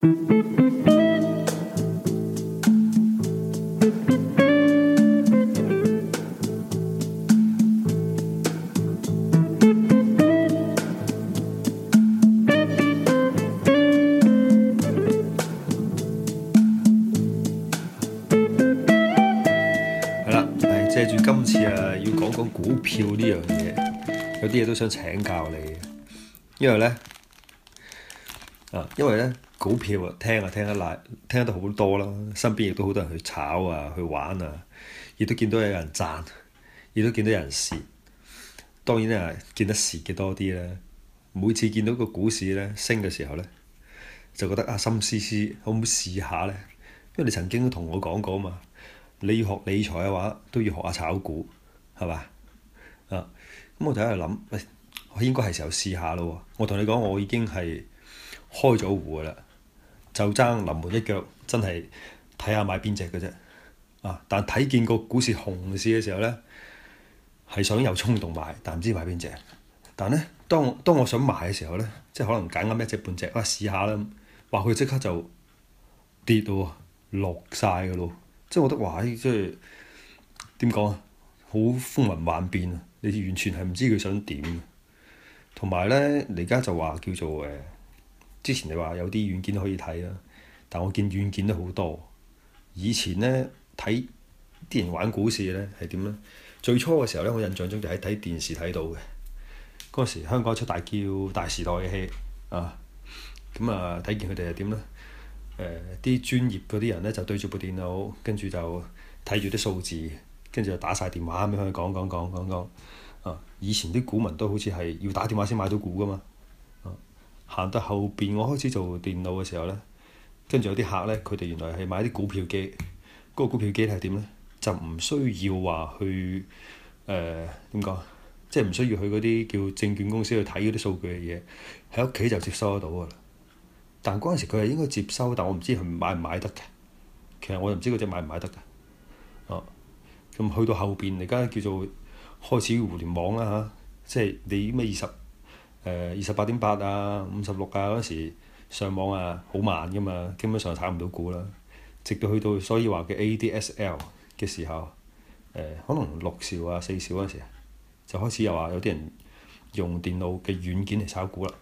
好啦，係借住今次啊，要講講股票呢樣嘢，有啲嘢都想請教你，因為咧啊，因為咧。股票啊，聽啊，聽得爛，聽得好多啦。身邊亦都好多人去炒啊，去玩啊，亦都見到有人賺，亦都見到有人蝕。當然啊，見得蝕嘅多啲咧。每次見到個股市咧升嘅時候咧，就覺得啊，心思思，可唔可以試下咧？因為你曾經都同我講過啊嘛，你要學理財嘅話都要學下炒股，係嘛啊？咁、嗯、我就喺度諗，喂、哎，我應該係時候試下咯。我同你講，我已經係開咗戶噶啦。就爭臨門一腳，真係睇下買邊隻嘅啫。啊！但睇見個股市紅市嘅時候咧，係想有衝動買，但唔知買邊隻。但咧，當我我想買嘅時候咧，即係可能揀啱一隻半隻，啊試下啦。話佢即刻就跌咯，落晒嘅咯。即係我覺得話即係點講啊？好風雲萬變啊！你完全係唔知佢想點。同埋咧，你而家就話叫做誒。呃之前你話有啲軟件可以睇啊，但我見軟件都好多。以前呢，睇啲人玩股市呢係點呢？最初嘅時候呢，我印象中就係睇電視睇到嘅。嗰陣時香港出大叫大時代嘅戲啊，咁啊睇見佢哋係點呢？誒、呃、啲專業嗰啲人呢，就對住部電腦，跟住就睇住啲數字，跟住就打晒電話咁樣講講講講講。啊，以前啲股民都好似係要打電話先買到股㗎嘛。行到後邊，我開始做電腦嘅時候呢，跟住有啲客呢，佢哋原來係買啲股票機。嗰、嗰個股票機係點呢？就唔需要話去誒點講，即係唔需要去嗰啲叫證券公司去睇嗰啲數據嘅嘢，喺屋企就接收得到噶啦。但嗰陣時佢係應該接收，但我唔知佢買唔買得嘅。其實我又唔知嗰隻買唔買得嘅。咁、哦、去到後邊，而家叫做開始互聯網啦嚇，即、啊、係、就是、你咩二十？誒，二十八點八啊，五十六啊，嗰陣時上網啊好慢㗎嘛，基本上炒唔到股啦。直到去到所以話嘅 ADSL 嘅時候，誒、呃、可能六兆啊四兆嗰陣時，就開始又話有啲人用電腦嘅軟件嚟炒股啦，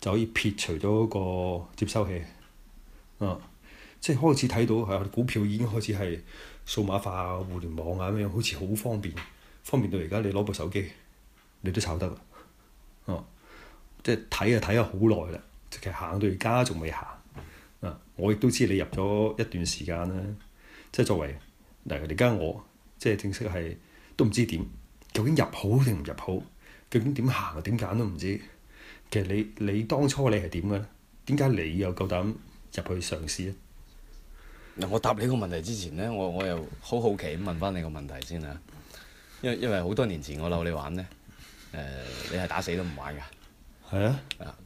就可以撇除咗個接收器啊，即係開始睇到係、啊、股票已經開始係數碼化、互聯網啊咁樣，好似好方便，方便到而家你攞部手機你都炒得啊！即係睇啊睇啊好耐啦，其實行到而家仲未行啊！我亦都知你入咗一段時間啦，即係作為嚟嘅而家我，即係正式係都唔知點，究竟入好定唔入好，究竟點行啊點揀都唔知。其實你你當初你係點嘅咧？點解你又夠膽入去嘗試咧？嗱，我答你個問題之前咧，我我又好好奇咁問翻你個問題先嚇，因為因為好多年前我留你玩咧，誒、呃、你係打死都唔玩㗎。係啊！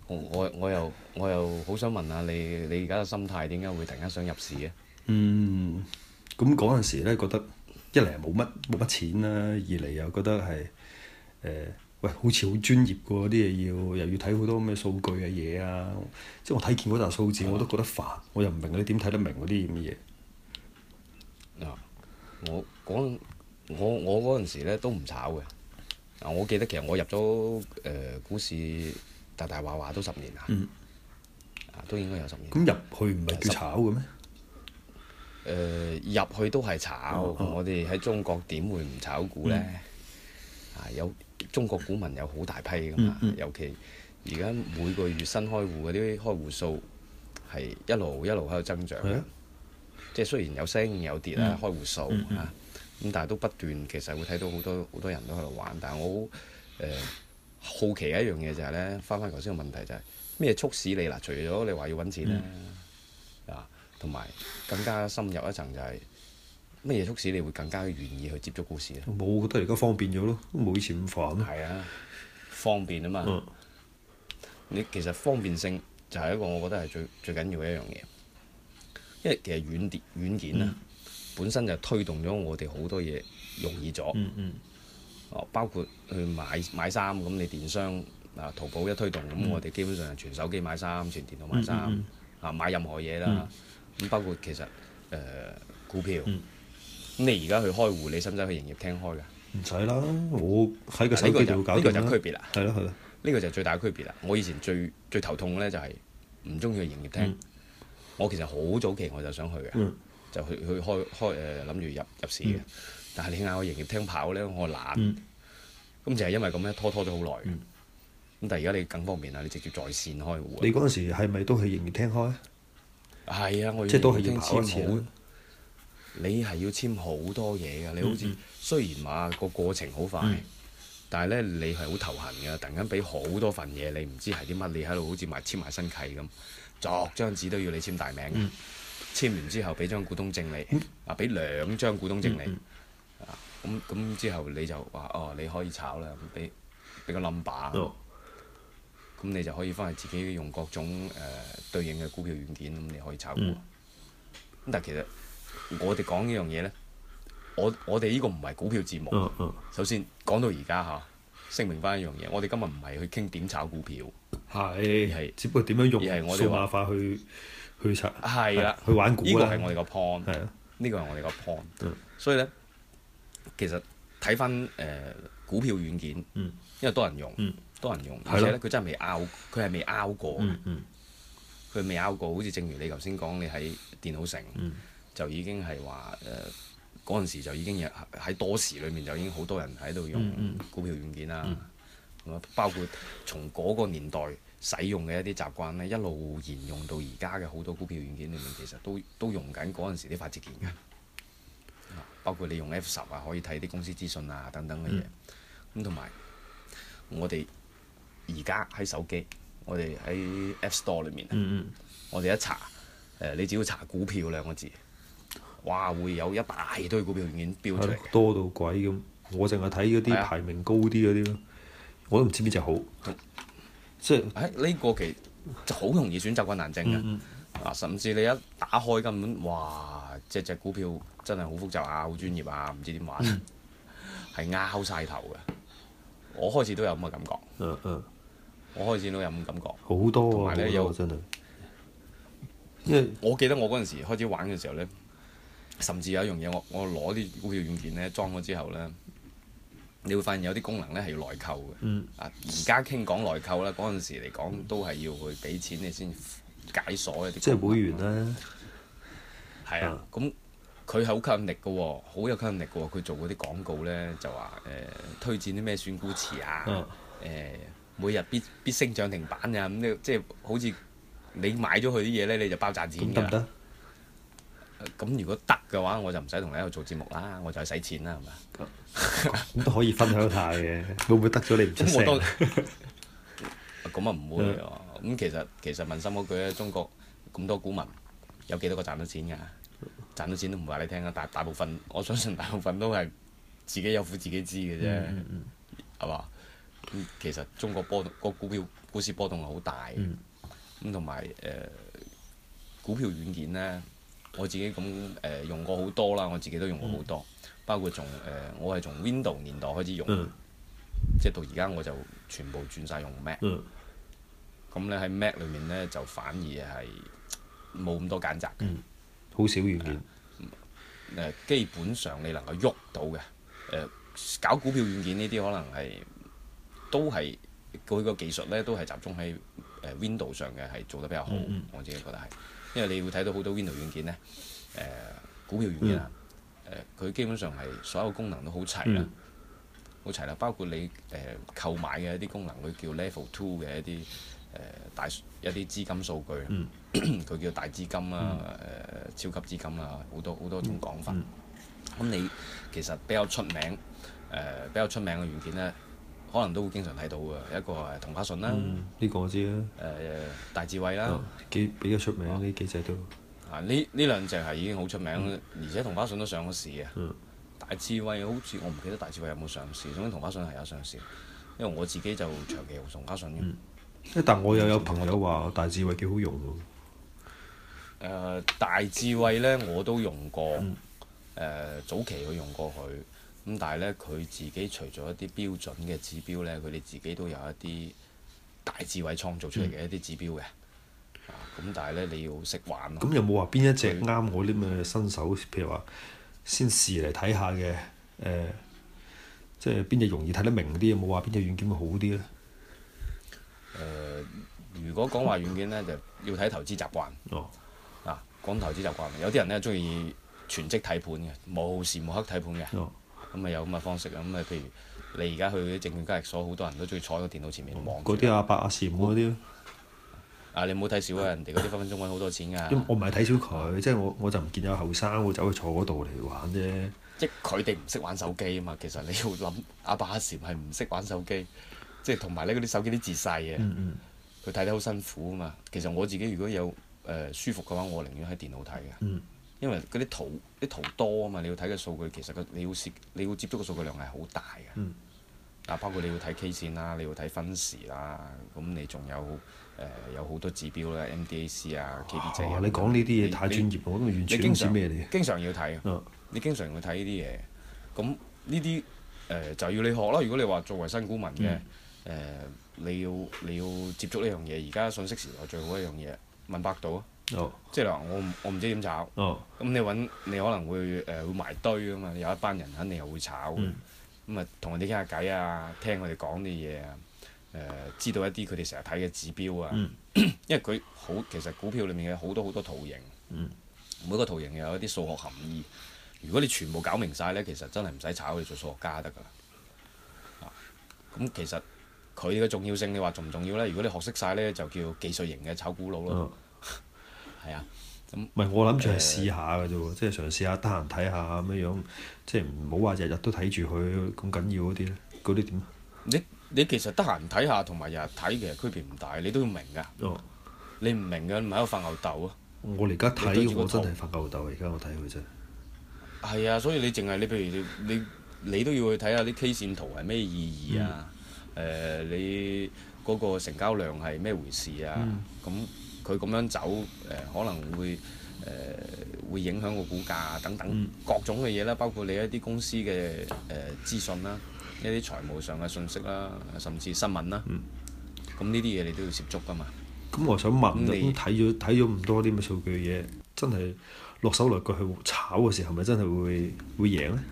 我我，我又我又好想問下你，你而家嘅心態點解會突然間想入市嘅？嗯，咁嗰陣時咧，覺得一嚟冇乜冇乜錢啦、啊，二嚟又覺得係誒、呃，喂，好似好專業嘅喎，啲嘢要又要睇好多咩數據嘅、啊、嘢啊！即係我睇見嗰沓數字，啊、我都覺得煩，我又唔明你點睇得明嗰啲咁嘅嘢。嗱、啊，我講我我嗰陣時咧都唔炒嘅。嗱、啊，我記得其實我入咗誒、呃、股市。大大話話都十年啦，嗯、都應該有十年。咁入去唔係叫炒嘅咩？呃、入去都係炒。哦、我哋喺中國點會唔炒股呢？嗯、啊，有中國股民有好大批噶嘛，嗯嗯嗯尤其而家每個月新開戶嗰啲開戶數係一路一路喺度增長、嗯、即係雖然有升有跌啦、啊，嗯嗯嗯開戶數咁、啊嗯、但係都不斷，其實會睇到好多好多人都喺度玩。但係我好、呃呃好奇一樣嘢就係、是、咧，翻翻頭先個問題就係、是、咩促使你嗱？除咗你話要揾錢啦，啊、嗯，同埋更加深入一層就係咩嘢促使你會更加願意去接觸股市咧？冇，我覺得而家方便咗咯，冇以前咁煩咯。係啊，方便啊嘛。你、嗯、其實方便性就係一個我覺得係最最緊要嘅一樣嘢，因為其實軟軟件啊，嗯、本身就推動咗我哋好多嘢容易咗、嗯。嗯。嗯包括去買買衫咁，你電商啊，淘寶一推動咁，嗯、我哋基本上係全手機買衫，全電腦買衫啊、嗯，嗯、買任何嘢啦。咁、嗯、包括其實誒、呃、股票，咁、嗯、你而家去開戶，你使唔使去營業廳開㗎？唔使啦，我喺個手機度搞呢、啊呢個就係、呢個、區別啦。係咯係咯，呢個就最大嘅區別啦。我以前最最頭痛嘅咧就係唔中意去營業廳。嗯、我其實好早期我就想去嘅、嗯，就去去開開誒諗住入入市嘅。嗯。但係你嗌我營業廳跑咧，我懶。咁就係因為咁樣，拖拖咗好耐。咁但係而家你更方便啦，你直接在線開戶。你嗰陣時係咪都係營業廳開？係啊，我，即係都係營業廳跑開。你係要簽好多嘢㗎，你好似雖然話個過程好快，但係咧你係好頭痕㗎。突然間俾好多份嘢，你唔知係啲乜，你喺度好似埋簽埋新契咁，作張紙都要你簽大名。簽完之後俾張股東證你，啊俾兩張股東證你。咁咁之後你就話哦，你可以炒啦，俾俾個 number，咁你就可以翻去自己用各種誒對應嘅股票軟件，咁你可以炒股。咁但係其實我哋講呢樣嘢咧，我我哋呢個唔係股票節目，首先講到而家嚇，聲明翻一樣嘢，我哋今日唔係去傾點炒股票。係。係。只不過點樣用數碼化去去炒？係啦。去玩股啦。呢個係我哋個 point。呢個係我哋個 point。所以咧。其實睇翻誒股票軟件，嗯、因為多人用，嗯、多人用，而且咧佢的真係未拗，佢係未拗過佢、嗯嗯、未拗過，好似正如你頭先講，你喺電腦城、嗯、就已經係話誒嗰陣時就已經有喺多時裏面就已經好多人喺度用股票軟件啦。嗯嗯、包括從嗰個年代使用嘅一啲習慣咧，一路沿用到而家嘅好多股票軟件裏面，其實都都，都用緊嗰陣時啲快捷鍵嘅。包括你用 F10 啊，可以睇啲公司資訊啊等等嘅嘢。咁同埋我哋而家喺手機，我哋喺 App Store 裏面，mm. 我哋一查、呃、你只要查股票兩個字，哇！會有一大堆股票軟件標出嚟。多到鬼咁，我淨係睇嗰啲排名高啲嗰啲咯。Mm. 啊、我都唔知邊隻好，即係以。喺呢、哎呢個其實就好容易選擇困難症嘅，mm. 甚至你一打開根本哇，隻，隻隻股票。真係好複雜啊，好專業啊，唔知點玩，係拗晒頭嘅。我開始都有咁嘅感覺。Uh, uh, 我開始都有咁嘅感覺。好多喎、啊啊！真係。因為我記得我嗰陣時開始玩嘅時候呢，甚至有一樣嘢，我我攞啲股票軟件呢，裝咗之後呢，你會發現有啲功能呢係要內購嘅。啊、嗯！而家傾講內購呢，嗰陣時嚟講都係要去俾錢你先解鎖一啲。即係會員啦。係啊，咁、啊。啊嗯佢係好吸引力嘅喎，哦，好有吸引力嘅喎，哦。佢做嗰啲廣告呢，就話誒、呃、推薦啲咩選股池啊，誒、嗯呃、每日必必升漲停板呀咁呢，即係好似你買咗佢啲嘢呢，你就包賺錢㗎。咁得唔得？咁，啊、如果得嘅話，我就唔使同你喺度做節目啦，我就使錢啦，係咪啊？咁都可以分享下嘅， 會唔會得咗你唔出聲？咁啊唔會喎。咁，嗯啊、其實其實問心嗰句咧，中國咁多股民，有幾多個賺到錢㗎？賺到錢都唔會話你聽啊！但大，大部分我相信大部分都係自己有苦自己知嘅啫，係嘛、嗯？咁、嗯、其實中國波個股票股市波動係好大，咁同埋誒股票軟件咧，我自己咁誒、呃、用過好多啦，我自己都用過好多，包括從誒、呃、我係從 Window 年代開始用，嗯、即係到而家我就全部轉晒用 Mac、嗯。咁咧喺 Mac 裏面咧就反而係冇咁多揀擇。嗯嗯好少軟件、啊、基本上你能夠喐到嘅搞股票軟件呢啲可能係都係佢個技術呢都係集中喺、呃、Windows 上嘅，係做得比較好。嗯、我自己覺得係，因為你會睇到好多 Windows 軟件呢，呃、股票軟件、嗯、啊，佢基本上係所有功能都好齊啦，好、嗯、齊啦，包括你誒、呃、購買嘅一啲功能，佢叫 Level Two 嘅一啲誒、呃、大一啲資金數據，佢、嗯、 叫大資金啦、啊呃嗯超級資金啊，好多好多種講法。咁、嗯、你其實比較出名，誒、呃、比較出名嘅軟件咧，可能都會經常睇到嘅。一個係同花順啦、啊，呢、嗯這個我知啦。誒、呃、大智慧啦、啊哦，幾比較出名呢、哦、記者都。啊，呢呢兩隻係已經好出名、嗯、而且同花順都上咗市啊。嗯、大智慧好似我唔記得大智慧有冇上市，總之同花順係有上市。因為我自己就長期用同花順嘅。誒、嗯，但我又有朋友話大智慧幾好用喎。誒、uh, 大智慧咧，我都用過。誒、呃、早期我用過佢，咁但係咧佢自己除咗一啲標準嘅指標咧，佢哋自己都有一啲大智慧創造出嚟嘅一啲指標嘅。咁、嗯啊、但係咧，你要識玩。咁有冇話邊一隻啱我啲咁新手？譬、嗯、如話先試嚟睇下嘅誒、呃，即係邊隻容易睇得明啲？有冇話邊隻軟件會好啲咧？誒、呃，如果講話軟件咧，就要睇投資習慣。哦。講投資習慣，有啲人咧中意全職睇盤嘅，冇時冇刻睇盤嘅，咁咪、哦、有咁嘅方式，咁咪譬如你而家去啲證券交易所，好多人都中意坐喺個電腦前面望。嗰啲、嗯、阿伯阿僆嗰啲。啊！你唔好睇少啊，人哋嗰啲分分鐘揾好多錢㗎、就是。我唔係睇少佢，即係我我就唔見有後生會走去坐嗰度嚟玩啫。即係佢哋唔識玩手機啊嘛！其實你要諗，阿伯阿僆係唔識玩手機，即係同埋咧嗰啲手機啲字細啊，佢睇、嗯嗯、得好辛苦啊嘛！其實我自己如果有。誒、呃、舒服嘅話，我寧願喺電腦睇嘅，嗯、因為嗰啲圖，啲圖多啊嘛。你要睇嘅數據，其實個你要涉你要接觸嘅數據量係好大嘅。嗱、嗯，包括你要睇 K 線啦，你要睇分時啦，咁你仲有誒、呃、有好多指標啦，M D A C 啊，啊，K D J 等等你講呢啲嘢太專業啊，我都完全唔知咩嚟。經常要睇、嗯、你經常會睇呢啲嘢。咁呢啲誒就要你學啦。如果你話作為新股民嘅誒、呃呃，你要你要，你要接觸呢樣嘢。而家、嗯嗯呃、信息時代最好一樣嘢。問百度啊，oh. 即係話我我唔知點炒，咁、oh. 你揾你可能會誒、呃、會埋堆㗎嘛？有一班人肯定又會炒，咁啊同人哋傾下偈啊，聽佢哋講啲嘢啊，誒、呃、知道一啲佢哋成日睇嘅指標啊，mm. 因為佢好其實股票裏面有好多好多圖形，mm. 每個圖形又有一啲數學含義。如果你全部搞明晒咧，其實真係唔使炒，你做數學家得㗎啦。咁、啊、其實佢嘅重要性你話重唔重要咧？如果你學識晒咧，就叫技術型嘅炒股佬咯。Oh. 係啊，唔、嗯、係我諗住係試下嘅啫喎，即係嘗試下得閒睇下咁樣樣，即係唔好話日日都睇住佢咁緊要嗰啲咧，嗰啲點啊？你你其實得閒睇下同埋日日睇其實區別唔大，你都要明㗎、哦。你唔明嘅，你咪喺度發牛竇啊。我而家睇，我真係發牛竇，而家我睇佢真係。係啊，所以你淨係你譬如你你你都要去睇下啲 K 線圖係咩意義啊？誒、嗯呃，你嗰個成交量係咩回事啊？咁、嗯。嗯佢咁樣走、呃、可能會誒、呃、會影響個股價等等各種嘅嘢啦，嗯、包括你一啲公司嘅誒、呃、資訊啦，一啲財務上嘅信息啦，甚至新聞啦。嗯。咁呢啲嘢你都要接觸噶嘛？咁、嗯、我想問，咁你睇咗睇咗咁多啲咁嘅數據嘅嘢，真係落手落腳去炒嘅時候，係咪真係會會贏呢、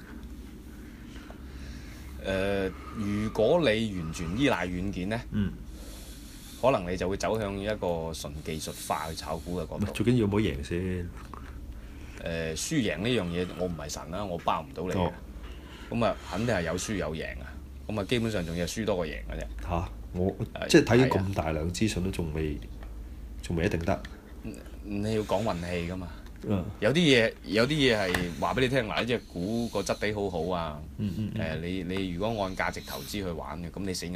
呃？如果你完全依賴軟件呢？嗯可能你就會走向一個純技術化去炒股嘅角度最。最緊要有冇贏先？誒、呃，輸贏呢樣嘢我唔係神啦、啊，我包唔到你、啊。咁啊、哦嗯，肯定係有輸有贏啊！咁啊，基本上仲要係輸多過贏嘅啫。嚇、啊！我即係睇咁大量資訊都仲未，仲未一定得 啊。你要講運氣㗎嘛？嗯、有啲嘢，有啲嘢係話俾你聽，嗱、啊，呢隻股個質地好好啊！嗯嗯嗯嗯嗯嗯嗯、你你，你如果按價值投資去玩嘅，咁你，你，你死硬。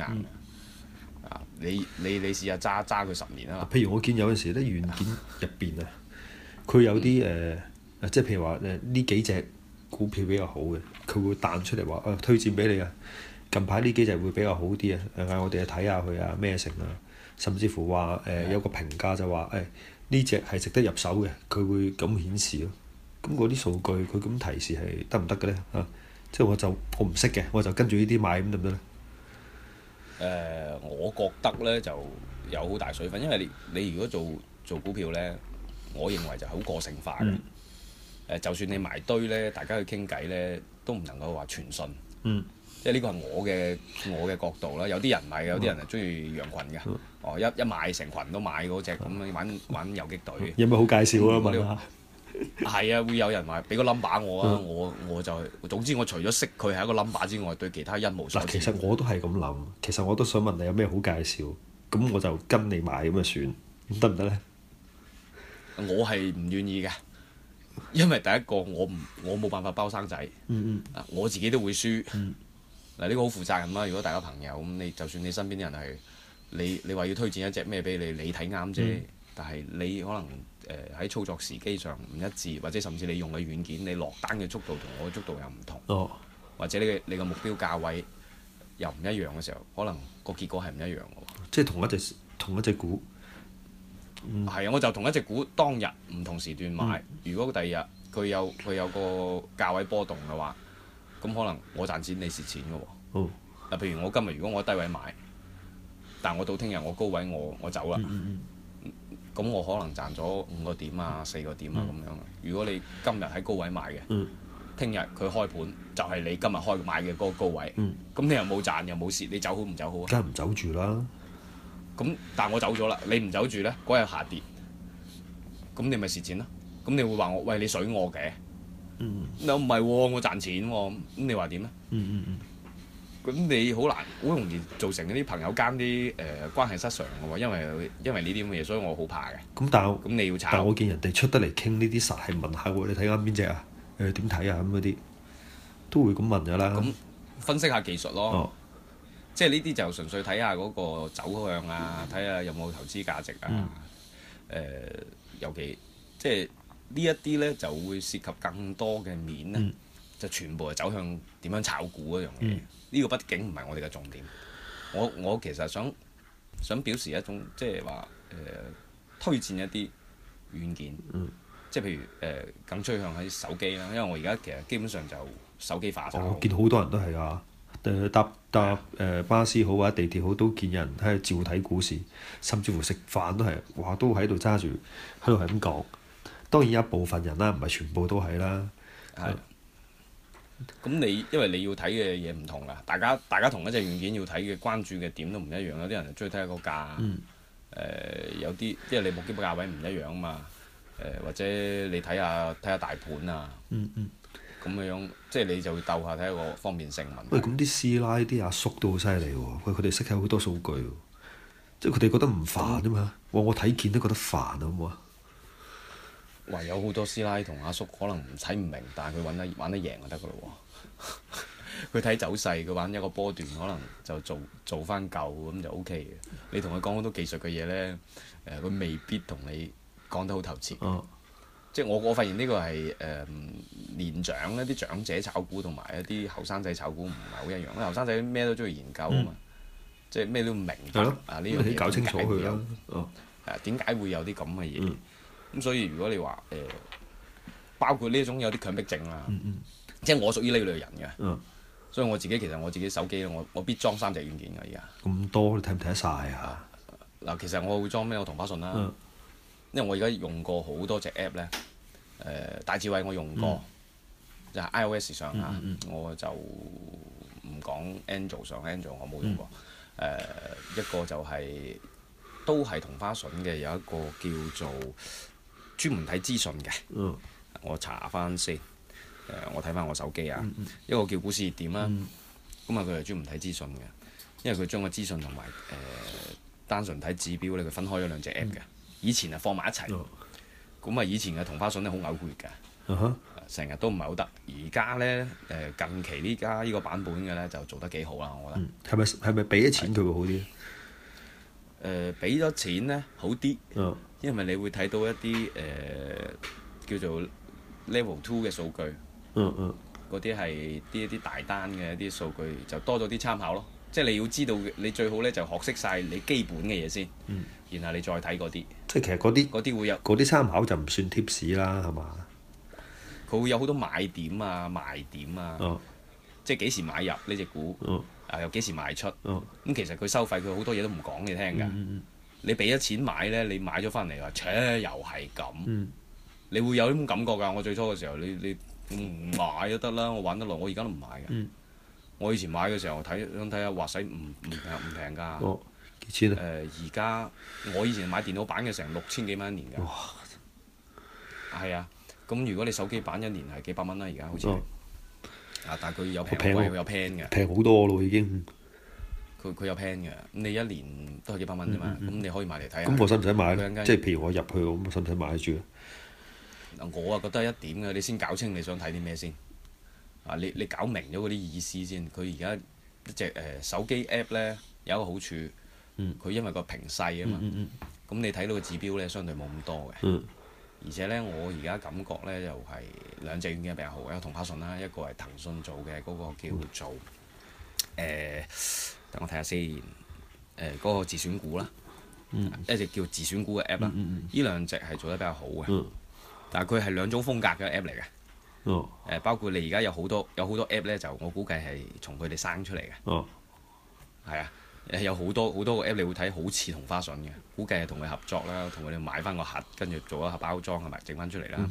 你你你試下揸揸佢十年啊、 呃、譬如我見有陣時啲軟件入邊啊，佢有啲誒，即係譬如話誒呢幾隻股票比較好嘅，佢會彈出嚟話誒推薦俾你啊。近排呢幾隻會比較好啲啊，嗌、呃、我哋去睇下佢啊咩成啊，甚至乎話誒、呃、有個評價就話誒呢隻係值得入手嘅，佢會咁顯示咯。咁嗰啲數據佢咁提示係得唔得嘅呢？啊，即係我就我唔識嘅，我就跟住呢啲買咁得唔得呢？行誒，我覺得咧就有好大水分，因為你你如果做做股票咧，我認為就係好個性化嘅。誒，就算你埋堆咧，大家去傾偈咧，都唔能夠話全信。嗯。即係呢個係我嘅我嘅角度啦。有啲人唔係，有啲人係鍾意羊羣嘅。哦，一一買成羣都買嗰隻咁樣，玩玩遊擊隊。有咩好介紹啊？嘛。係 啊，會有人話俾個 number 我啊，嗯，我我就總之，我除咗識佢係一個 number 之外，對其他一無所知。其實我都係咁諗，其實我都想問你有咩好介紹，咁我就跟你買咁啊算，得唔得呢？ 我係唔願意嘅，因為第一個我唔我冇辦法包生仔，嗯嗯，我自己都會輸，嗱呢，嗯，個好負責任啊。如果大家朋友咁，你就算你身邊啲人係你你話要推薦一隻咩俾你，你睇啱啫。但係你可能誒喺、呃、操作時機上唔一致，或者甚至你用嘅軟件，你落單嘅速度同我嘅速度又唔同，哦、或者你嘅你嘅目標價位又唔一樣嘅時候，可能個結果係唔一樣嘅喎。即係同一隻同一隻股，係啊、嗯！我就同一隻股當日唔同時段買，嗯、如果第二日佢有佢有個價位波動嘅話，咁可能我賺錢你蝕錢嘅喎、哦。嗱，好譬如我今日如果我低位買，但我到聽日我高位我我，我走啦。嗯咁我可能賺咗五個點啊，四個點啊咁、嗯、樣。如果你今日喺高位買嘅，聽日佢開盤就係你今日開買嘅嗰個高位，咁、嗯、你又冇賺又冇蝕，你走好唔走好啊？梗係唔走住啦。咁但係我走咗啦，你唔走住咧，嗰日下跌，咁你咪蝕錢啦、啊。咁你會話我喂，你水我嘅？嗯。又唔係喎，我賺錢喎、啊，咁你話點咧？嗯嗯。咁你好難好容易造成啲朋友間啲誒、呃、關係失常嘅喎，因為因為呢啲咁嘅嘢，所以我好怕嘅。咁但係我，咁你要炒？但係我見人哋出得嚟傾呢啲實係問下喎，你睇啱邊隻啊？誒點睇啊？咁嗰啲都會咁問㗎啦。咁分析下技術咯。哦、即係呢啲就純粹睇下嗰個走向啊，睇下有冇投資價值啊。誒、嗯呃，尤其即係呢一啲咧就會涉及更多嘅面咧，嗯、就全部係走向點樣炒股嗰樣嘢。嗯。呢個畢竟唔係我哋嘅重點，我我其實想想表示一種，即係話誒推薦一啲軟件，嗯、即係譬如誒咁趨向喺手機啦，因為我而家其實基本上就手機化咗。我見好多人都係啊，誒、呃、搭搭誒、呃、巴士好或者地鐵好，都見有人喺度照睇股市，甚至乎食飯都係，哇都喺度揸住喺度係咁講。當然一部分人啦，唔係全部都係啦。係、呃。咁你因為你要睇嘅嘢唔同啦，大家大家同一隻軟件要睇嘅關注嘅點都唔一樣，有啲人中意睇下個價，誒、嗯呃、有啲即係你目標價位唔一樣啊嘛，誒、呃、或者你睇下睇下大盤啊，咁嘅、嗯嗯、樣即係你就會鬥下睇下個方便性問題。喂、嗯，咁啲師奶啲阿叔都好犀利喎，佢哋識睇好多數據，啊，即係佢哋覺得唔煩啊嘛，我睇見都覺得煩啊喎。唯有好多師奶同阿叔，叔可能唔睇唔明，但係佢玩得玩得贏就得噶咯喎。佢 睇走勢，佢玩一個波段，可能就做做翻夠咁就 O K 嘅。你同佢講好多技術嘅嘢咧，誒、呃、佢未必同你講得好透徹。啊、即係我我發現呢個係誒、呃、年長咧，啲長者炒股同埋一啲後生仔炒股唔係好一樣。後生仔咩都中意研究啊嘛，嗯、即係咩都唔明、嗯、啊呢樣嘢。搞清楚佢啦。點解會有啲咁嘅嘢？啊啊咁、嗯、所以如果你話誒、呃，包括呢種有啲強迫症啊，嗯嗯、即係我屬於呢類人嘅，嗯、所以我自己其實我自己手機我我必裝三隻軟件㗎而家。咁多你睇唔睇得晒啊？嗱、呃，其實我會裝咩？我同花順啦、啊，嗯、因為我而家用過好多隻 app 咧，誒、呃、大智慧我用過，嗯、就係 iOS 上啊，嗯嗯、我就唔講 Android 上、嗯、Android 我冇用過。誒、嗯嗯、一個就係都係同花順嘅，有一個叫做。專門睇資訊嘅、哦呃，我查翻先。誒，我睇翻我手機啊，嗯嗯、一個叫股市熱點啦。咁啊、嗯，佢係專門睇資訊嘅，因為佢將個資訊同埋誒單純睇指標咧，佢分開咗兩隻 app 嘅。嗯、以前係放埋一齊。咁啊，以前嘅同花順咧好扭曲嘔血嘅。成日、啊、哈都唔係好得。而家咧誒，近期呢家呢個版本嘅咧就做得幾好啦，我覺得。係咪係咪俾咗錢佢會好啲？誒，俾、呃、咗錢咧好啲。嗯嗯嗯因為你會睇到一啲誒叫做 Level Two 嘅數據，嗯嗯，嗰啲係啲一啲大單嘅一啲數據，就多咗啲參考咯。即係你要知道，你最好咧就學識晒你基本嘅嘢先，然後你再睇嗰啲。即係其實嗰啲啲會有嗰啲參考就唔算 tips 啦，係嘛？佢會有好多買點啊、賣點啊，即係幾時買入呢隻股，啊又幾時賣出，咁其實佢收費佢好多嘢都唔講你聽㗎，你俾咗錢買咧，你買咗翻嚟話，扯又係咁，嗯、你會有啲咁感覺㗎。我最初嘅時候，你你唔買都得啦，我揾得耐，我而家都唔買嘅。嗯、我以前買嘅時候睇想睇下，話使唔唔平唔平㗎？幾錢啊？而家、呃、我以前買電腦版嘅成六千幾蚊一年㗎。係、哦、啊，咁如果你手機版一年係幾百蚊啦，而家好似啊，哦、但係佢有平，有平嘅，平好多咯已經。佢有 plan 嘅，咁你一年都係幾百蚊啫嘛，咁你可以買嚟睇下，咁我使唔使買咧？即係譬如我入去，我使唔使買住咧？我啊覺得一點嘅，你先搞清你想睇啲咩先。你你搞明咗嗰啲意思先。佢而家一隻誒手機 app 咧有一個好處，佢因為個屏細啊嘛，咁你睇到個指標咧相對冇咁多嘅。而且咧，我而家感覺咧又係兩隻軟件比較好，同花順啦，一個係騰訊做嘅嗰個叫做誒。我睇下先。誒，嗰個自選股啦，一隻叫自選股嘅 app 啦，呢兩隻係做得比較好嘅。但係佢係兩種風格嘅 app 嚟嘅。誒，包括你而家有好多有好多 app 咧，就我估計係從佢哋生出嚟嘅。係啊，有好多好多個 app，你會睇好似同花順嘅，估計係同佢合作啦，同佢哋買翻個盒，跟住做下包裝，係咪整翻出嚟啦？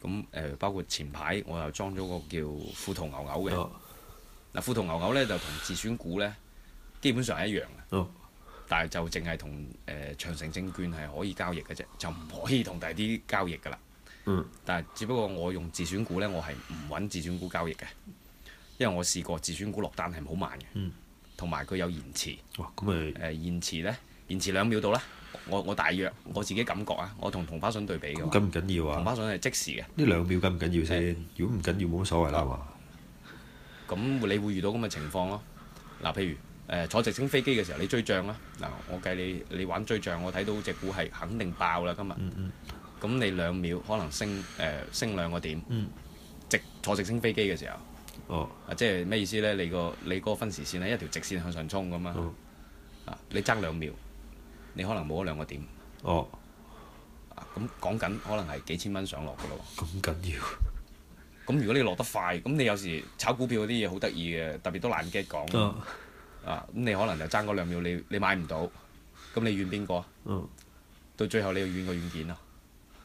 咁誒，包括前排我又裝咗個叫富途牛牛嘅。嗱，富途牛牛咧就同自選股咧。基本上係一樣嘅，但係就淨係同誒長城證券係可以交易嘅啫，就唔可以同第啲交易㗎啦。嗯。但係只不過我用自選股咧，我係唔揾自選股交易嘅，因為我試過自選股落單係好慢嘅，同埋佢有延遲。哇！咁咪誒延遲咧，延遲兩秒到啦。我我大約我自己感覺啊，我同同花順對比㗎。緊唔緊要啊？同花順係即時嘅。呢兩秒緊唔緊要先？如果唔緊要，冇乜所謂啦，係嘛？咁你會遇到咁嘅情況咯。嗱，譬如，坐直升飛機嘅時候，你追漲啦嗱！我計你你玩追漲，我睇到隻股係肯定爆啦今日。咁、嗯嗯、你兩秒可能升誒、呃、升兩個點，嗯、直坐直升飛機嘅時候，哦啊、即係咩意思呢？你個你嗰個分時線咧，一條直線向上衝咁、哦、啊！你爭兩秒，你可能冇咗兩個點。哦，咁、啊嗯、講緊可能係幾千蚊上落嘅咯喎。咁緊要？咁、嗯嗯、如果你落得快，咁你有時炒股票嗰啲嘢好得意嘅，特別都難，別都難講。嗯嗯啊！咁你可能就爭嗰兩秒你，你你買唔到，咁你怨邊個啊？嗯、到最後你要怨個軟件咯，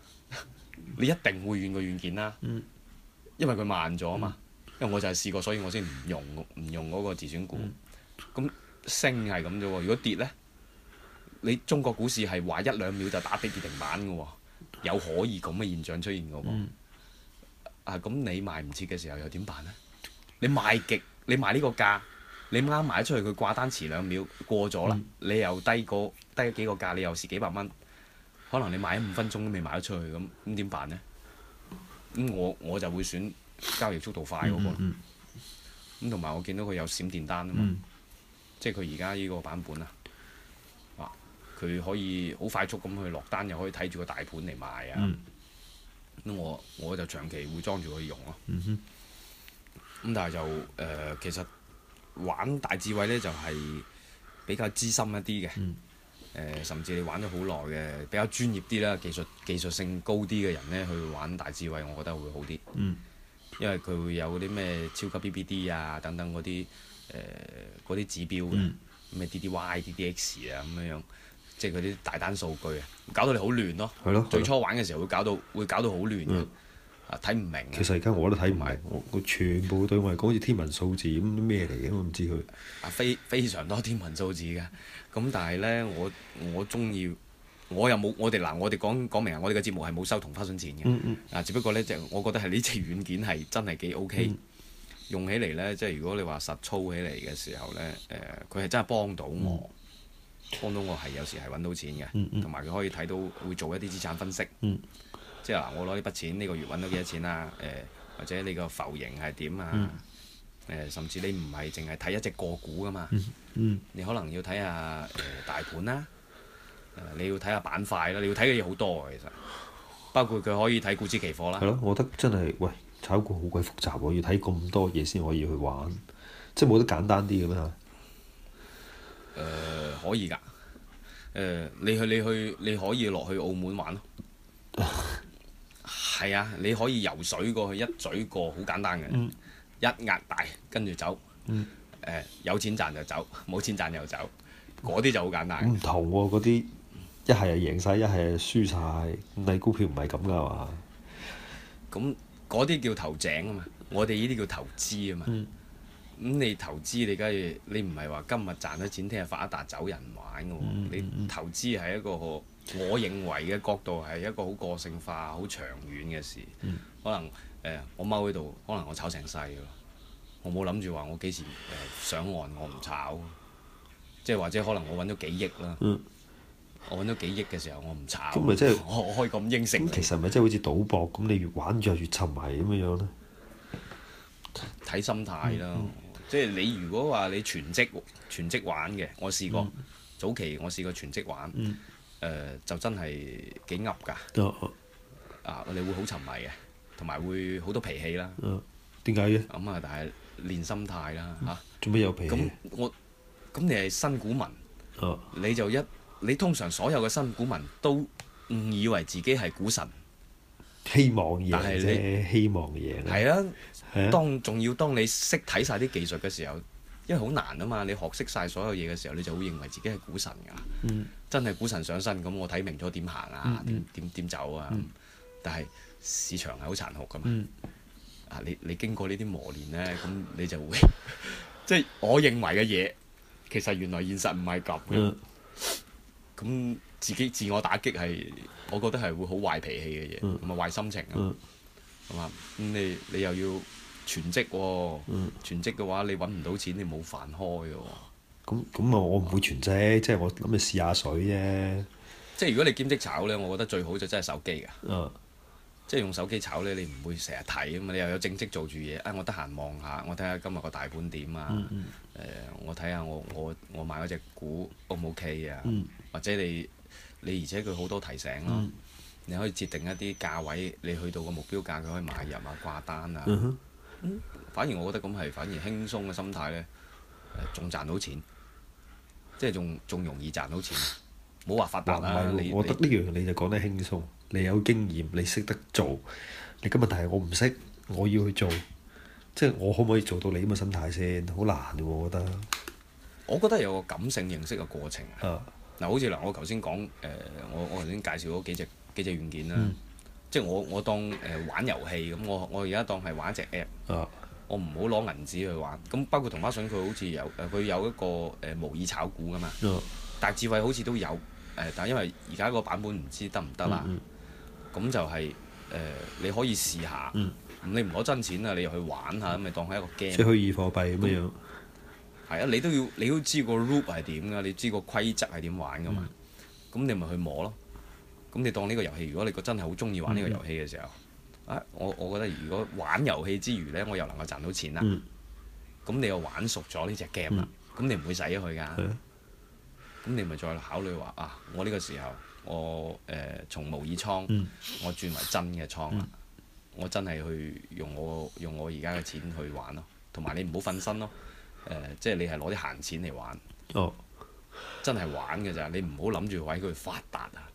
你一定會怨個軟件啦，嗯、因為佢慢咗啊嘛。嗯、因為我就係試過，所以我先唔用唔用嗰個自選股。咁、嗯嗯、升係咁啫喎，如果跌咧，你中國股市係話一兩秒就打跌停板嘅喎，有可以咁嘅現象出現嘅喎。啊！咁、嗯啊、你賣唔切嘅時候又點辦咧？你賣極，你賣呢個價。你啱買得出去，佢掛單遲兩秒過咗啦，你、嗯、又低過低幾個價，你又蝕幾百蚊，可能你賣咗五分鐘都未賣得出去咁，咁點辦咧？咁我我就會選交易速度快嗰個。咁同埋我見到佢有閃電單啊嘛，嗯、即係佢而家呢個版本啊，佢可以好快速咁去落單，又可以睇住個大盤嚟賣啊。咁、嗯、我我就長期會裝住去用咯、啊。咁、嗯嗯嗯、但係就誒、呃，其實。玩大智慧呢，就係、是、比較資深一啲嘅，誒、嗯呃、甚至你玩咗好耐嘅，比較專業啲啦，技術技術性高啲嘅人呢，去玩大智慧，我覺得會好啲。嗯、因為佢會有嗰啲咩超級 BBD 啊等等嗰啲誒啲指標嘅，咩 DDY、嗯、DDX DD 啊咁樣樣，即係嗰啲大單數據啊，搞到你好亂咯、哦。最初玩嘅時候會搞到會搞到好亂。睇唔明其實而家我都睇唔埋。我個全部對我嚟講好似天文數字咁，咩嚟嘅我唔知佢。啊，非非常多天文數字嘅，咁但係咧，我我中意，我又冇我哋嗱，我哋講講明啊，我哋嘅節目係冇收同花順錢嘅，啊、嗯嗯，只不過咧就我覺得係呢隻軟件係真係幾 O K，用起嚟咧即係如果你話實操起嚟嘅時候咧，誒、呃，佢係真係幫到我，哦、幫到我係有時係揾到錢嘅，同埋佢可以睇到會做一啲資產分析。嗯即係我攞呢筆錢呢、呢個月揾到幾多錢啊、呃？或者你個浮盈係點啊、嗯呃？甚至你唔係淨係睇一隻個股噶嘛？嗯嗯、你可能要睇下、呃、大盤啦。你、呃、要睇下板塊啦，你要睇嘅嘢好多啊，其實。包括佢可以睇股指期貨啦。係咯，我覺得真係喂，炒股好鬼複雜喎，要睇咁多嘢先可以去玩，即係冇得簡單啲嘅咩？可以㗎、呃。你去你去，你，去，你，去你可以落去，去，去，去澳門玩咯。 係啊，你可以游水過去一嘴過，好簡單嘅。嗯、一壓大跟住走、嗯呃，有錢賺就走，冇錢賺又走，嗰啲就好簡單。唔同喎、啊，嗰啲一係贏晒，一係輸晒。你股票唔係咁㗎嘛？咁嗰啲叫投井啊嘛，我哋呢啲叫投資啊嘛。咁、嗯、你投資，你梗係你唔係話今日賺咗錢，聽日發一達走人玩㗎喎、哦？嗯、你投資係一個。我認為嘅角度係一個好個性化、好長遠嘅事。嗯、可能誒、呃，我踎喺度，可能我炒成世咯。我冇諗住話，我幾時上岸，我唔炒。即係或者可能我揾咗幾億啦。嗯、我揾咗幾億嘅時候，我唔炒。咁咪即係我可以咁應承。其實咪即係好似賭博咁，你越玩就越沉迷咁嘅樣咧。睇心態啦。嗯、即係你如果話你全職全職玩嘅，我試過、嗯、早期我試過全職玩。嗯誒、呃、就真係幾噏㗎，哦、啊你會好沉迷嘅，同埋會好多脾氣啦。點解嘅？咁啊，但係練心態啦嚇。做咩、嗯、有脾氣？咁我咁你係新股民，哦、你就一你通常所有嘅新股民都誤以為自己係股神，希望贏，但係你希望嘅嘢咧，啊，當仲要當你識睇晒啲技術嘅時候，因為好難啊嘛，你學識晒所有嘢嘅時候，你就會認為自己係股神㗎。嗯。真係股神上身，咁我睇明咗點行啊，點點點走啊！但係市場係好殘酷噶嘛，啊你你經過呢啲磨練呢，咁你就會即係 我認為嘅嘢，其實原來現實唔係咁嘅。咁自己自我打擊係，我覺得係會好壞脾氣嘅嘢，同埋壞心情。係嘛？咁你你又要全職喎？全職嘅話，你揾唔到錢，你冇飯開嘅喎。咁咁啊！我唔會全職，嗯、試試即係我諗你試下水啫。即係如果你兼職炒咧，我覺得最好就真係手機噶。嗯、即係用手機炒咧，你唔會成日睇啊嘛！你又有正職做住嘢啊，我得閒望下，我睇下今日個大盤點啊嗯。嗯。呃、我睇下我我我買嗰隻股 O 唔 O K 啊？嗯、或者你你而且佢好多提醒咯、啊，嗯、你可以設定一啲價位，你去到個目標價，佢可以買入啊、掛單啊。嗯嗯、反而我覺得咁係反而輕鬆嘅心態咧，仲賺到錢。即係仲仲容易賺到錢，唔好話發達啦。你我覺得呢樣你就講得輕鬆，你有經驗，你識得做。你嘅問題係我唔識，我要去做，即係我可唔可以做到你咁嘅心態先？好難嘅喎，我覺得。我覺得有個感性認識嘅過程。嗱、啊，好似嗱，我頭先講誒，我我頭先介紹嗰幾隻幾隻軟件啦，嗯、即係我我當誒、呃、玩遊戲咁，我我而家當係玩隻 App、啊。我唔好攞銀紙去玩，咁包括同花順佢好似有誒，佢有一個誒模擬炒股噶嘛。嗯、大智慧好似都有誒、呃，但因為而家個版本唔知得唔得啦。咁、嗯嗯、就係、是、誒、呃，你可以試下。嗯、你唔攞真錢啊？你又去玩下咁，咪當係一個 game。即虛擬貨幣咁樣都。係麼啊，你都要你都知個 rule 係點噶？你知，個，你知個規則係點玩噶嘛？咁、嗯嗯、你咪去摸咯。咁你當呢個遊戲，如果你個真係好中意玩呢個遊戲嘅時候。嗯嗯我我覺得，如果玩遊戲之餘呢，我又能夠賺到錢啦。咁、嗯、你又玩熟咗呢隻 game 啦，咁、嗯、你唔會使咗佢㗎。咁的你咪再考慮話啊！我呢個時候，我誒、呃、從模擬倉，嗯、我轉為真嘅倉啦。嗯、我真係去用我用我而家嘅錢去玩咯，同埋你唔好瞓身咯。即係你係攞啲閒錢嚟玩。哦、真係玩㗎咋！你唔好諗住為佢發達啊！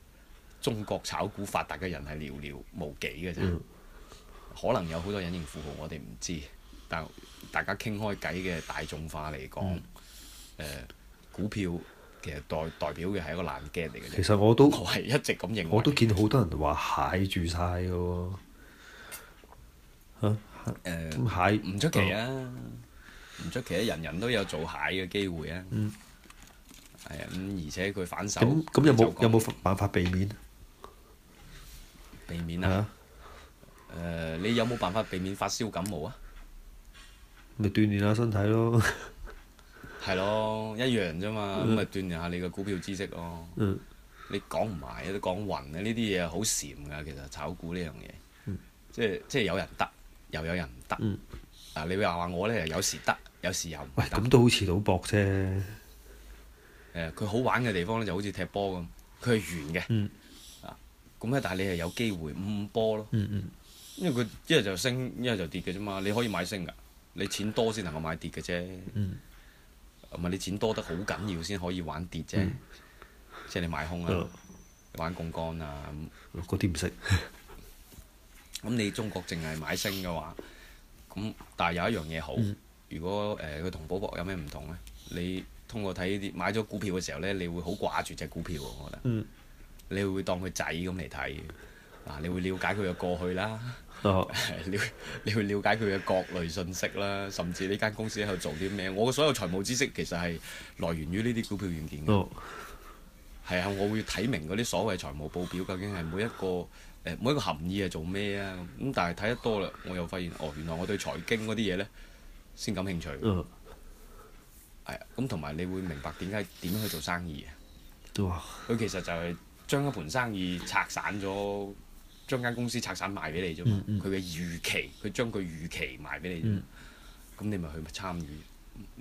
中國炒股發達嘅人係寥寥無幾㗎咋。嗯。可能有好多隱形富豪，我哋唔知。但大家傾開偈嘅大眾化嚟講，誒、嗯呃、股票其實代代表嘅係一個爛 g 嚟嘅。其實我都我係一直咁認為。我都見好多人話蟹住晒嘅喎。蟹唔出、呃、蟹奇啊，唔出、嗯、奇啊，人人都有做蟹嘅機會啊。嗯。啊，咁而且佢反手。咁就有冇有冇辦法避免？避免啊！啊誒，你有冇辦法避免發燒感冒啊？咪鍛鍊下身體咯。係咯，一樣啫嘛。咁咪鍛鍊下你嘅股票知識咯。你講唔埋，都講暈咧。呢啲嘢好險㗎，其實炒股呢樣嘢。即係即係有人得，又有人唔得。嗯。你話話我咧，有時得，有時又唔得。喂，咁都好似賭博啫。誒，佢好玩嘅地方咧，就好似踢波咁，佢係圓嘅。嗯。啊！咁咧，但係你係有機會五五波咯。因為佢一係就升，一係就跌嘅啫嘛。你可以買升噶，你錢多先能夠買跌嘅啫。唔係、嗯啊、你錢多得好緊要先可以玩跌啫，嗯、即係你買空啊，了玩槓桿啊咁。嗰啲唔識。咁、 嗯、你中國淨係買升嘅話，咁但係有一樣嘢好，如果誒佢、呃、同賭博有咩唔同咧？你通過睇呢買咗股票嘅時候咧，你會好掛住隻股票。我覺得，嗯、你會當佢仔咁嚟睇嗱，你會了解佢嘅過去啦。Oh. 你你去了解佢嘅各類信息啦，甚至呢間公司喺度做啲咩？我嘅所有財務知識其實係來源於呢啲股票軟件嘅。係、oh. 啊，我會睇明嗰啲所謂財務報表究竟係每一個誒每一個含義係做咩啊？咁但係睇得多啦，我又發現哦，原來我對財經嗰啲嘢呢，先感興趣。係、oh. 啊，咁同埋你會明白點解點樣去做生意啊？佢、oh. 其實就係將一盤生意拆散咗。將間公司拆散賣俾你啫嘛，佢嘅、嗯嗯、預期，佢將佢預期賣俾你，咁、嗯、你咪去參與。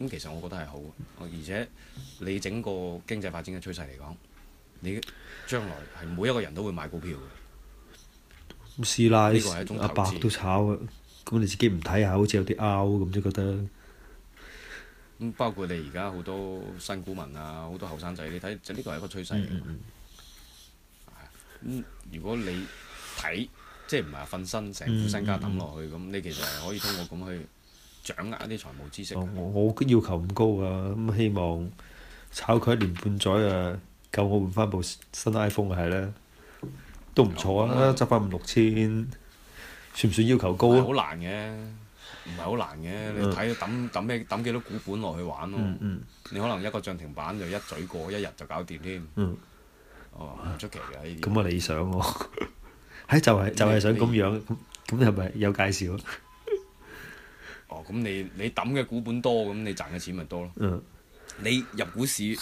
咁其實我覺得係好嘅，而且你整個經濟發展嘅趨勢嚟講，你將來係每一個人都會買股票嘅。師奶、嗯、阿伯都炒啊！咁你自己唔睇下，好似有啲拗咁，先覺得。咁包括你而家好多新股民啊，好多後生仔，你睇呢個係一個趨勢嚟。咁、嗯嗯嗯嗯嗯、如果你睇即係唔係話瞓身成副身家抌落去咁？你其實係可以通過咁去掌握一啲財務知識。我我要求唔高啊，咁希望炒佢一年半載啊，夠我換翻部新 iPhone 係咧，都唔錯啊，執翻五六千，算唔算要求高啊？好難嘅，唔係好難嘅。你睇抌抌咩？抌幾多股本落去玩咯？你可能一個漲停板就一嘴過，一日就搞掂添。哦，唔出奇啊！呢啲咁啊理想喎。哎、就係、是、就係、是、想咁樣，咁咁係咪有介紹？ 哦，咁你你揼嘅股本多，咁你賺嘅錢咪多咯。嗯、你入股市，誒、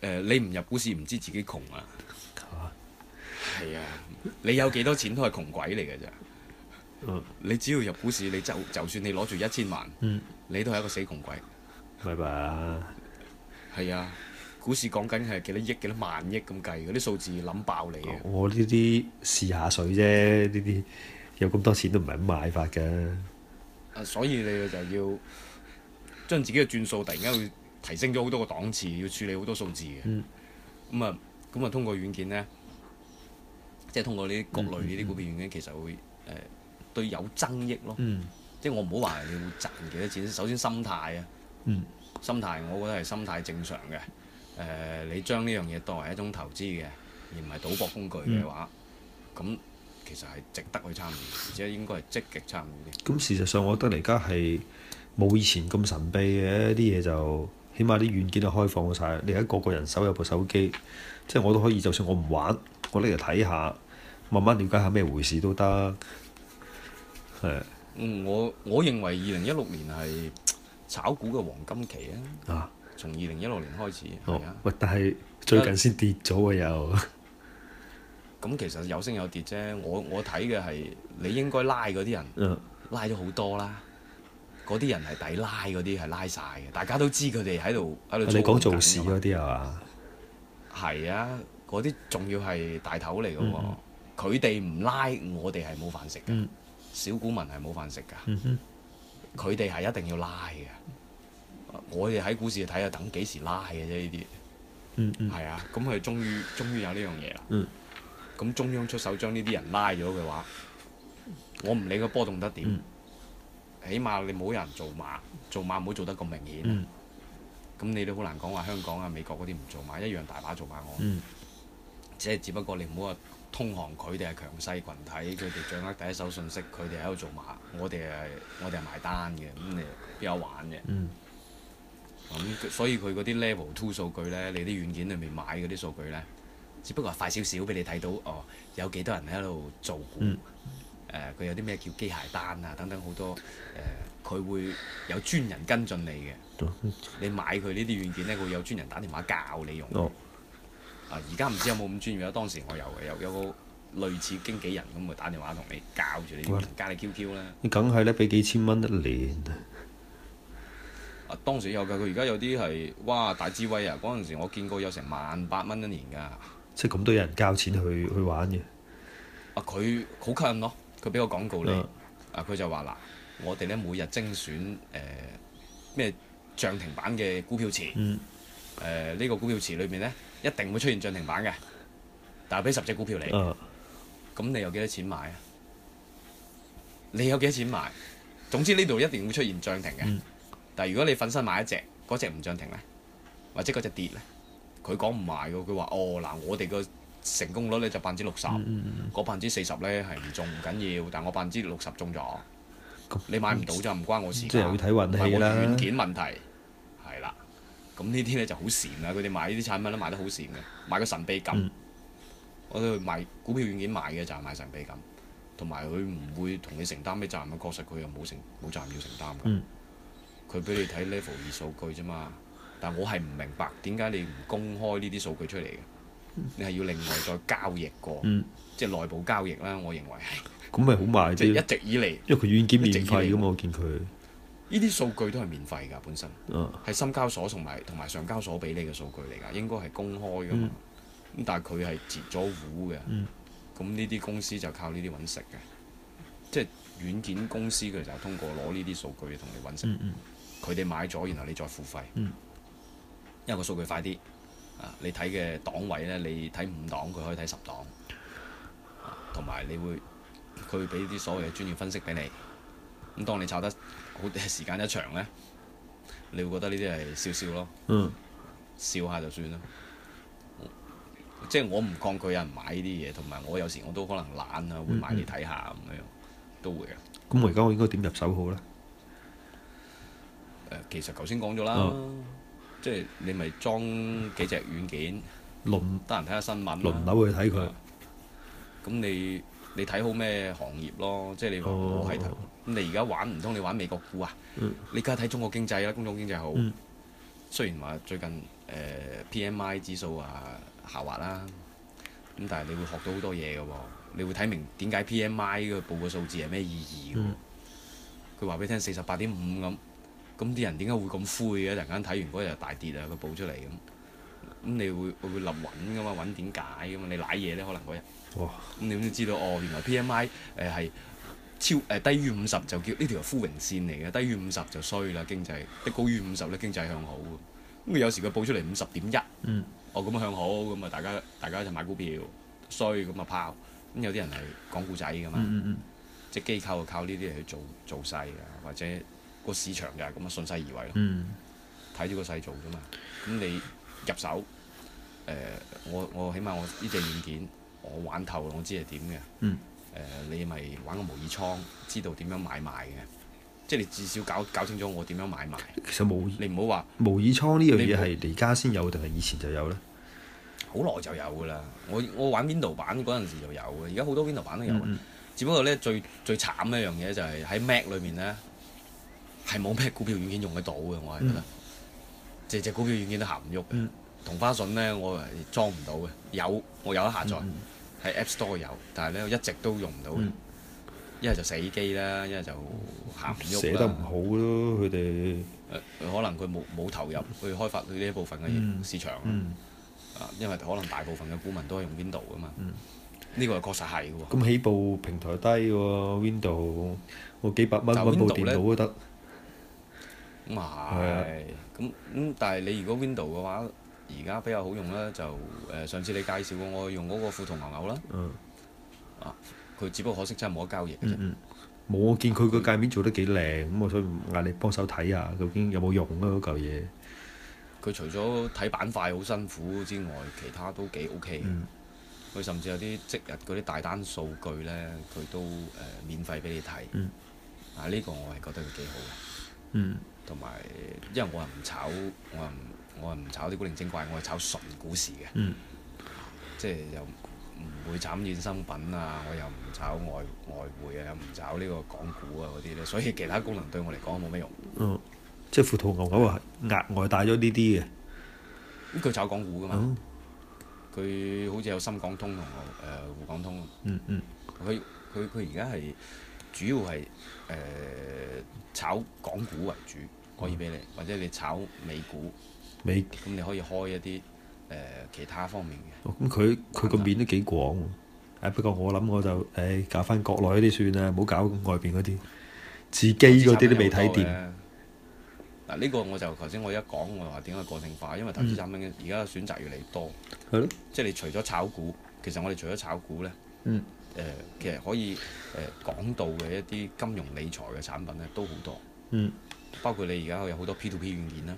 呃、你唔入股市唔知自己窮啊。係 啊。你有幾多錢都係窮鬼嚟嘅咋。嗯、你只要入股市，你就就算你攞住一千萬，嗯、你都係一個死窮鬼。係吧。係啊。股市講緊係幾多億、幾多萬億咁計嗰啲數字，諗爆你啊！我呢啲試下水啫，呢啲有咁多錢都唔係咁買法嘅。所以你就要將自己嘅轉數突然間會提升咗好多個檔次，要處理好多數字嘅。咁啊、嗯，咁啊，通過軟件呢，即、就、係、是、通過呢啲各類呢啲股票軟件，其實會誒、嗯呃、對有增益咯。嗯、即係我唔好話要你會賺幾多錢，首先心態啊。嗯、心態，我覺得係心態正常嘅。誒、呃，你將呢樣嘢當為一種投資嘅，而唔係賭博工具嘅話，咁、嗯、其實係值得去參與，而且應該係積極參與嘅。咁、嗯、事實上，我覺得而家係冇以前咁神秘嘅，啲嘢就起碼啲軟件都開放晒。你而家個個人手有部手機，即係我都可以，就算我唔玩，我拎嚟睇下，慢慢了解下咩回事都得，係、嗯。我我認為二零一六年係炒股嘅黃金期啊。啊！從二零一六年開始，哦，喂、啊，但係最近先跌咗喎又。咁在 其實有升有跌啫，我我睇嘅係你應該拉嗰啲人，拉咗好多啦。嗰啲人係抵拉嗰啲係拉晒嘅，大家都知佢哋喺度喺度做事。你講做市嗰啲係嘛？係啊，嗰啲仲要係大頭嚟㗎喎，佢哋唔拉，我哋係冇飯食嘅。嗯、小股民係冇飯食㗎。佢哋係一定要拉嘅。我哋喺股市睇下等幾時拉嘅啫？呢啲係啊，咁佢終於終於有呢樣嘢啦。咁、嗯、中央出手將呢啲人拉咗嘅話，我唔理個波動得點，嗯、起碼你冇人做馬，做馬唔好做得咁明顯。咁、嗯、你都好難講話香港啊、美國嗰啲唔做馬一樣大把做馬我，即係、嗯、只不過你唔好話通行佢哋係強勢群體，佢哋掌握第一手信息，佢哋喺度做馬，我哋係我哋係埋單嘅，咁你邊有玩嘅？嗯嗯。咁、嗯、所以佢嗰啲 level two 數據呢，你啲軟件裏面買嗰啲數據呢，只不過係快少少俾你睇到哦，有幾多人喺度做股，佢、呃、有啲咩叫機械單啊，等等好多佢、呃、會有專人跟進你嘅。你買佢呢啲軟件呢，佢有專人打電話教你用。啊、哦，而家唔知有冇咁專業啦，當時我有有有個類似經紀人咁，咪打電話同你教住你、嗯、加你 QQ 啦。你梗係呢，俾幾千蚊一年啊！當時有㗎，佢而家有啲係哇大智慧啊！嗰陣時我見過有成萬八蚊一年㗎，即係咁多人交錢去去玩嘅。啊，佢好吸引咯，佢俾個廣告你。啊，佢、啊、就話嗱，我哋咧每日精選誒咩漲停板嘅股票池。嗯。呢、呃呢個股票池裏面咧，一定會出現漲停板嘅。但係俾十隻股票你。嗯、啊。咁你有幾多錢買啊？你有幾多錢買？總之呢度一定會出現漲停嘅。嗯嗱，如果你粉身買一隻，嗰隻唔漲停咧，或者嗰隻跌咧，佢講唔買嘅，佢話哦嗱，我哋個成功率咧就60、嗯、百分之六十，嗰百分之四十咧係唔中唔緊要，但我百分之六十中咗，嗯、你買唔到就唔關我事。即係要睇運氣啦，軟件問題。係啦，咁呢啲咧就好賤啦，佢哋賣呢啲產品都賣得好賤嘅，賣個神秘感。嗯、我哋賣股票軟件賣嘅就係賣神秘感，同埋佢唔會同你承擔咩責任嘅，確實佢又冇承冇責任要承擔嘅。嗯佢俾你睇 level 二數據啫嘛，但我係唔明白點解你唔公開呢啲數據出嚟嘅？你係要另外再交易過，即係內部交易啦。我認為係。咁咪好賣，即一直以嚟。因為佢軟件免費噶嘛，我見佢。呢啲數據都係免費㗎，本身。嗯。係深交所同埋同埋上交所俾你嘅數據嚟㗎，應該係公開㗎嘛。咁但係佢係截咗戶嘅。嗯。咁呢啲公司就靠呢啲揾食嘅，即係軟件公司佢就通過攞呢啲數據同你揾食。佢哋買咗，然後你再付費，嗯、因為個數據快啲、啊、你睇嘅檔位呢，你睇五檔，佢可以睇十檔，同、啊、埋你會佢會俾啲所謂嘅專業分析俾你。咁、啊、當你炒得好時間一長呢，你會覺得呢啲係笑笑咯，嗯、笑下就算啦、啊。即係我唔抗拒有人買呢啲嘢，同埋我有時我都可能懶啊，會買嚟睇下咁、嗯、樣，都會啊。咁、嗯、我而家我應該點入手好呢？其實頭先講咗啦，哦、即係你咪裝幾隻軟件，輪得閒睇下新聞，輪流去睇佢。咁你你睇好咩行業咯？即係你唔好喺。咁、哦、你而家玩唔通？你玩美國股啊？嗯、你而家睇中國經濟啦，公眾經濟好，嗯、雖然話最近誒、呃、P M I 指數啊下滑啦，咁但係你會學到好多嘢㗎喎。你會睇明點解 P M I 個報個數字係咩意義㗎？佢話俾你聽四十八點五咁。咁啲人點解會咁灰嘅？突然間睇完嗰日大跌啊，佢報出嚟咁，咁你會會會立揾噶嘛？揾點解噶嘛？你瀨嘢咧，可能嗰日。哇！咁點先知道？哦，原來 P.M.I. 誒、呃、係超誒低於五十就叫呢條枯榮線嚟嘅，低於五十就衰啦經濟，的高於五十咧經濟向好。咁有時佢報出嚟五十點一。嗯。哦，咁啊向好，咁啊大家大家就買股票，衰咁啊拋。咁有啲人係講故仔噶嘛？嗯，嗯，嗯即係機構就靠呢啲嚟做做勢啊，或者。個市場就係咁樣，順勢而為咯，睇住、嗯、個勢做啫嘛。咁你入手誒、呃，我我起碼我呢隻軟件,件我玩透，我知係點嘅。誒、嗯呃，你咪玩個模擬倉，知道點樣買賣嘅，即係你至少搞搞清楚我點樣買賣。其實模你唔好話模擬倉呢樣嘢係而家先有定係無以前就有咧？好耐就有㗎啦！我我玩 Windows 版嗰陣時就有嘅，而家好多 Windows 版都有、嗯、只不過咧，最最,最慘嘅一樣嘢就係喺 Mac 裏面咧。係冇咩股票軟件用得到嘅，我係覺得隻隻股票軟件都行唔喐嘅。同花順咧，我係裝唔到嘅。有我有得下載喺 App Store 有，但係咧我一直都用唔到嘅。一係就死機啦，一係就行唔喐啦。寫得唔好咯，佢哋可能佢冇冇投入去開發佢呢一部分嘅市場啊，因為可能大部分嘅股民都係用 Window 噶嘛。呢個確實係喎。咁起步平台低喎，Window 我幾百蚊揾部電腦都得。咁咁但係你如果 Window 嘅話，而家比較好用啦。就誒、呃、上次你介紹過我用嗰個富同牛牛啦。嗯、啊！佢只不過可惜真係冇得交易嘅啫。嗯嗯。冇，我見佢個界面做得幾靚，咁、嗯嗯、我所以嗌你幫手睇下究竟有冇用啊，嗰嚿嘢。佢除咗睇板塊好辛苦之外，其他都幾 O K 嘅。佢甚至有啲即日嗰啲大單數據咧，佢都誒、呃、免費俾你睇。嗯、啊！呢、呢個我係覺得佢幾好。嗯。同埋，因為我又唔炒，我又唔，我又唔炒啲古靈精怪，我係炒純股市嘅，嗯、即係又唔會炒衍生品啊，我又唔炒外外匯啊，又唔炒呢個港股啊嗰啲咧，所以其他功能對我嚟講冇咩用。嗯，即係富途牛牛啊，是額外帶咗呢啲嘅。咁佢炒港股噶嘛？佢、哦、好似有深港通同誒滬港通。嗯嗯，佢佢佢而家係主要係誒、呃、炒港股為主。可以俾你，或者你炒美股，美咁你可以開一啲誒、呃、其他方面嘅。咁佢佢個面都幾廣。誒、哎、不過我諗我就誒、哎、搞翻國內啲算啦，唔好搞外邊嗰啲，自己嗰啲都未睇掂。嗱呢、啊這個我就頭先我一講我話點解個性化，因為投資產品而家嘅選擇越嚟越多。係咯、嗯。即係你除咗炒股，其實我哋除咗炒股咧，嗯，誒、呃、其實可以誒、呃、講到嘅一啲金融理財嘅產品咧都好多。嗯。包括你而家有好多 P to P 軟件啦，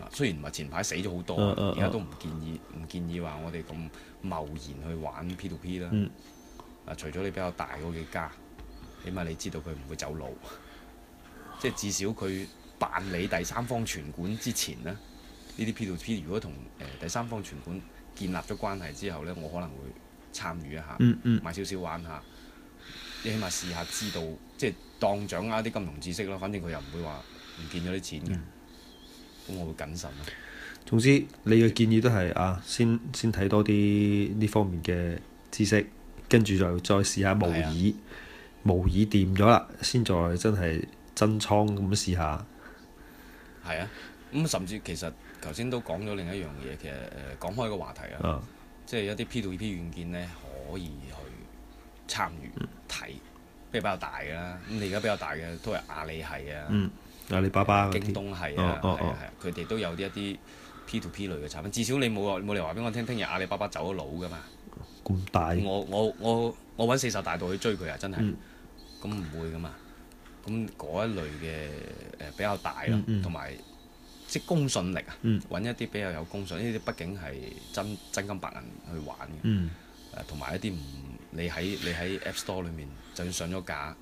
啊，雖然唔係前排死咗好多，而家、uh, uh, uh. 都唔建議，唔建議話我哋咁貿然去玩 P to P 啦。Mm. 啊，除咗你比較大嗰幾家，起碼你知道佢唔會走路，即 係至少佢辦理第三方存管之前呢，呢啲 P to P 如果同誒、呃、第三方存管建立咗關係之後呢，我可能會參與一下，嗯、mm, mm. 買少少玩下，你起碼試下知道，即係。當掌握啲金融知識咯，反正佢又唔會話唔見咗啲錢嘅，咁、嗯、我會謹慎咯。總之，你嘅建議都係啊，先先睇多啲呢方面嘅知識，跟住就再、再試下模擬，啊、模擬掂咗啦，先再真係真倉咁樣試下。係啊，咁、嗯、甚至其實頭先都講咗另一樣嘢，其實誒、呃、講開個話題啊，嗯、即係一啲 P2P 軟件咧可以去參與睇。看嗯比較大嘅啦，咁你而家比較大嘅都係阿里系啊，嗯、阿里巴巴、京東係啊，係啊係啊，佢哋、哦啊、都有啲一啲 P to P 類嘅產品，至少你冇話冇理由話俾我聽，聽日阿里巴巴走咗佬㗎嘛？咁大？我我我我揾四十大道去追佢啊！真係，咁唔、嗯、會㗎嘛？咁嗰一類嘅誒比較大咯，同埋即公信力啊，揾、嗯、一啲比較有公信力，呢啲畢竟係真真金白銀去玩嘅。嗯同埋一啲唔你喺你喺 App Store 裏面，就算上咗架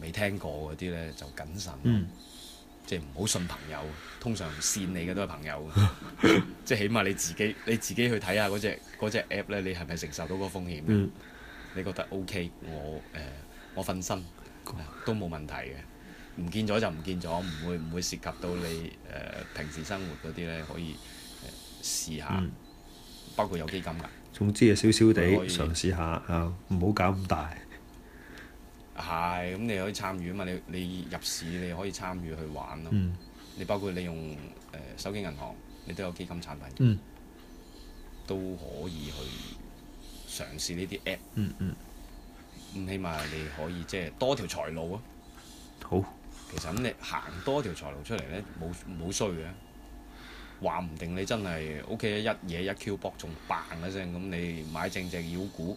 未聽過嗰啲咧，就謹慎，嗯、即係唔好信朋友。通常唔線你嘅都係朋友， 即係起碼你自己你自己去睇下嗰隻嗰隻 App 咧，你係咪承受到嗰個風險？嗯、你覺得 O、OK, K？我誒、呃、我瞓身，呃、都冇問題嘅。唔見咗就唔見咗，唔會唔會涉及到你誒、呃、平時生活嗰啲咧，可以、呃、試下，嗯、包括有基金㗎。總之小小啊，少少地嘗試下嚇，唔好搞咁大。係，咁你可以參與啊嘛！你你入市，你可以參與去玩咯。你、嗯、包括你用誒、呃、手機銀行，你都有基金產品嘅，嗯、都可以去嘗試呢啲 app 嗯。嗯嗯。咁起碼你可以即係多條財路啊！好。其實咁你行多條財路出嚟咧，冇冇衰嘅。話唔定你真係 O.K. 一嘢一 Q 波，仲 bang 一聲咁，你買正隻妖股，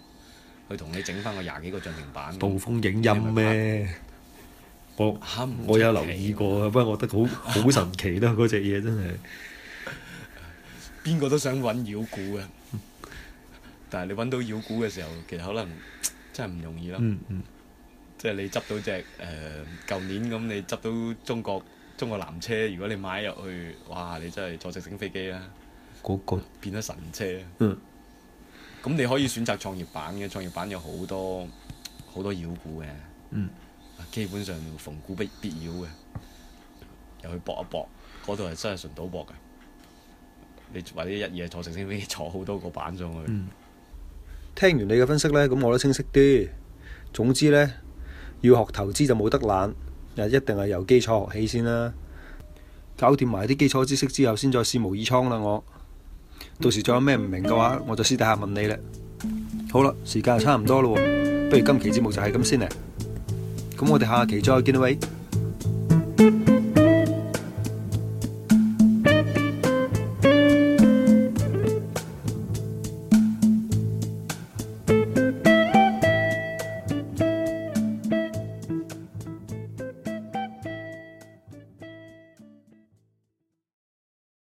去同你整翻個廿幾個漲停板。暴風影音咩？我有留意過，不過麼我覺得好好神奇啦、啊，嗰隻嘢真係。邊個都想揾妖股嘅，但係你揾到妖股嘅時候，其實可能真係唔容易咯。嗯嗯、即係你執到隻誒舊年咁，你執到中國。中國南車，如果你買入去，哇！你真係坐直升飛機啦，嗰、那個變咗神車。嗯。咁你可以選擇創業板嘅，創業板有好多好多妖股嘅。嗯、基本上逢股必必妖嘅，又去搏一搏，嗰度係真係純賭博嘅。你或者一夜坐直升飛機，坐好多個板上去。嗯。聽完你嘅分析呢，咁我都清晰啲。總之呢，要學投資就冇得懶。一定係由基礎學起先啦，搞掂埋啲基礎知識之後，先再試模擬倉啦。我到時再有咩唔明嘅話，我就私底下問你啦。好啦，時間差唔多啦，不如今期節目就係咁先嚟。咁我哋下期再見啦，喂。